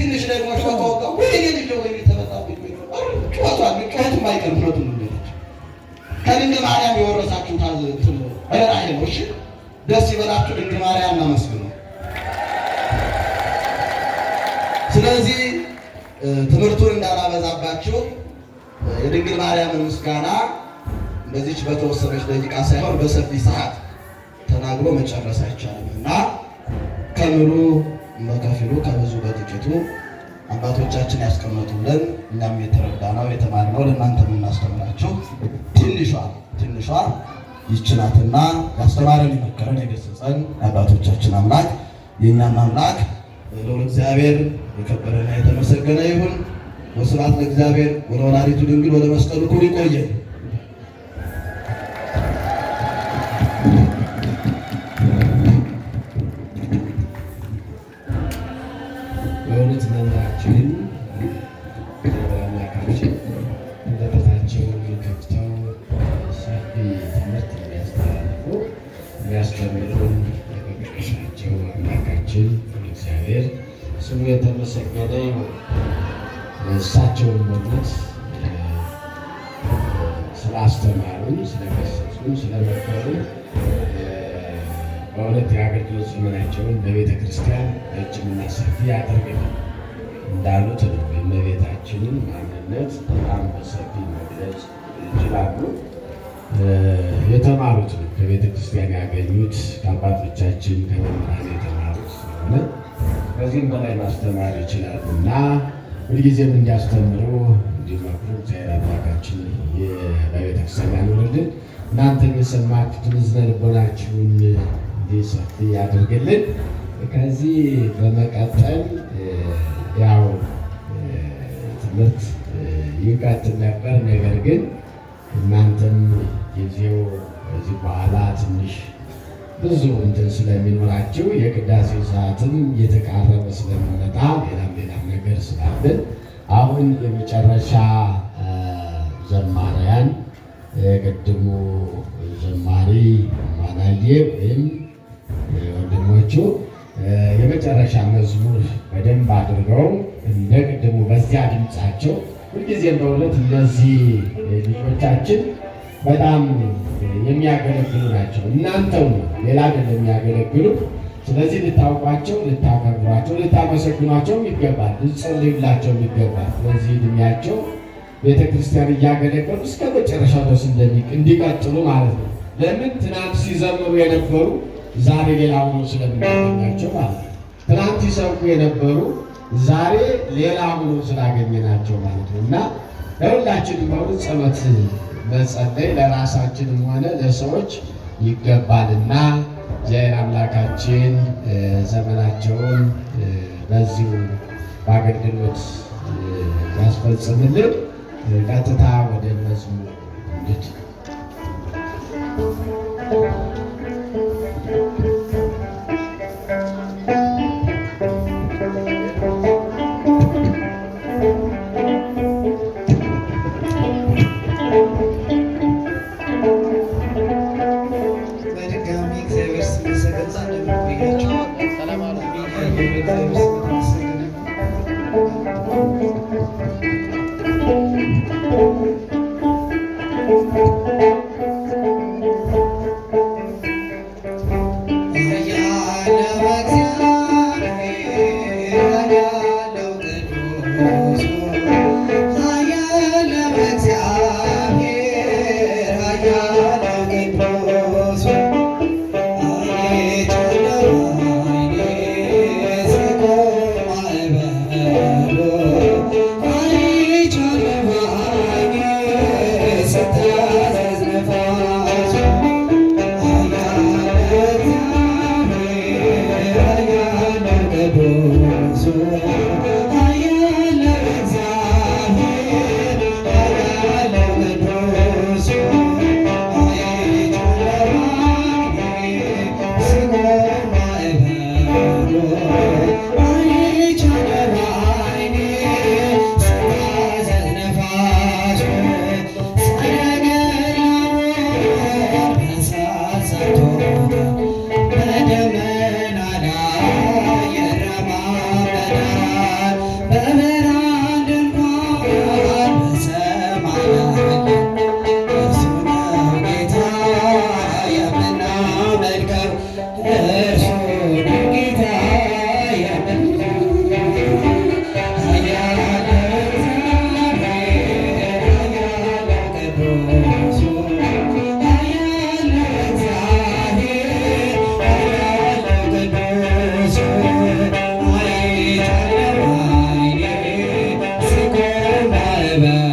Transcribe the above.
ትንሽ ደግሞ ሾታወጣ ወይኔ ልጅ ወይ ተመጣ ጨዋታ ጩኸት ማይቀር ፍረቱ ምንለች ከድንግ ማርያም የወረሳችሁ ታዝ ራይ ነው። እሺ ደስ ይበላችሁ። ድንግ ማርያም እናመስግን ስለዚህ ትምህርቱን እንዳላበዛባችሁ የድንግል ማርያምን ምስጋና እንደዚች በተወሰነች ደቂቃ ሳይሆን በሰፊ ሰዓት ተናግሮ መጨረስ አይቻልም እና ከምሩ በጥቂቱ አባቶቻችን ያስቀመጡልን እኛም የተረዳነው የተማርነው ለእናንተ የምናስተምራችሁ ትንሿ ትንሿ ይችላትና ያስተማረን የመከረን የገሰጸን የአባቶቻችን አምላክ የእኛም አምላክ ለሁሉ እግዚአብሔር የከበረና የተመሰገነ ይሁን። ወስብሐት ለእግዚአብሔር ወለወላዲቱ ድንግል ወለመስቀሉ ክቡር። ይቆየን። ለዘመኑ ለመቅደሳቸው አምላካችን እግዚአብሔር ስሙ የተመሰገነ ይሁን። እሳቸውን በሞት ስላስተማሩን፣ ስለገሰጹን፣ ስለመከሩ በእውነት የአገልግሎት ዘመናቸውን በቤተ ክርስቲያን ረጅምና ሰፊ ያደርግልን እንዳሉት ነው። የእመቤታችንን ማንነት በጣም በሰፊ መግለጽ ይችላሉ። የተማሩት ነው ከቤተ ክርስቲያን ያገኙት ከአባቶቻችን ከመምህራን የተማሩት ስለሆነ ከዚህም በላይ ማስተማር ይችላል እና ሁልጊዜም እንዲያስተምሩ እንዲመክሩ እግዚአብሔር አምላካችን በቤተ ክርስቲያን ያኖርልን። እናንተም የሰማችሁትን ሕዝነ ልቦናችሁን እንዲሰፊ ያድርግልን። ከዚህ በመቀጠል ያው ትምህርት ይቀጥል ነበር ነገር ግን እናንተም ጊዜው ከዚህ በኋላ ትንሽ ብዙ እንትን ስለሚኖራቸው የቅዳሴ ሰዓትም እየተቃረበ ስለሚመጣ ሌላም ሌላም ነገር ስላለን አሁን የመጨረሻ ዘማሪያን የቅድሙ ዘማሪ ማናዬ ወይም ወንድሞቹ የመጨረሻ መዝሙር በደንብ አድርገው እንደ ቅድሙ በዚያ ድምፃቸው ሁልጊዜ በእውነት እነዚህ ልጆቻችን በጣም የሚያገለግሉ ናቸው። እናንተው ሌላ አይደለም የሚያገለግሉ። ስለዚህ ልታውቋቸው፣ ልታከብሯቸው፣ ልታመሰግኗቸው ይገባል። ልጸልዩላቸው ይገባል። ስለዚህ እድሜያቸው ቤተ ክርስቲያን እያገለገሉ እስከ መጨረሻው ድረስ እንዲቀጥሉ ማለት ነው። ለምን ትናንት ሲዘምሩ የነበሩ ዛሬ ሌላ ሆኖ ስለምናገኛቸው ማለት ነው። ትናንት ሲሰብኩ የነበሩ ዛሬ ሌላ ሆኖ ስላገኘናቸው ማለት ነው እና ለሁላችን በእውነት ጸሎት መጸለይ ለራሳችንም ሆነ ለሰዎች ይገባልና እግዚአብሔር አምላካችን ዘመናቸውን በዚሁ በአገልግሎት ያስፈጽምልን። ቀጥታ ወደ መዝሙር Amen.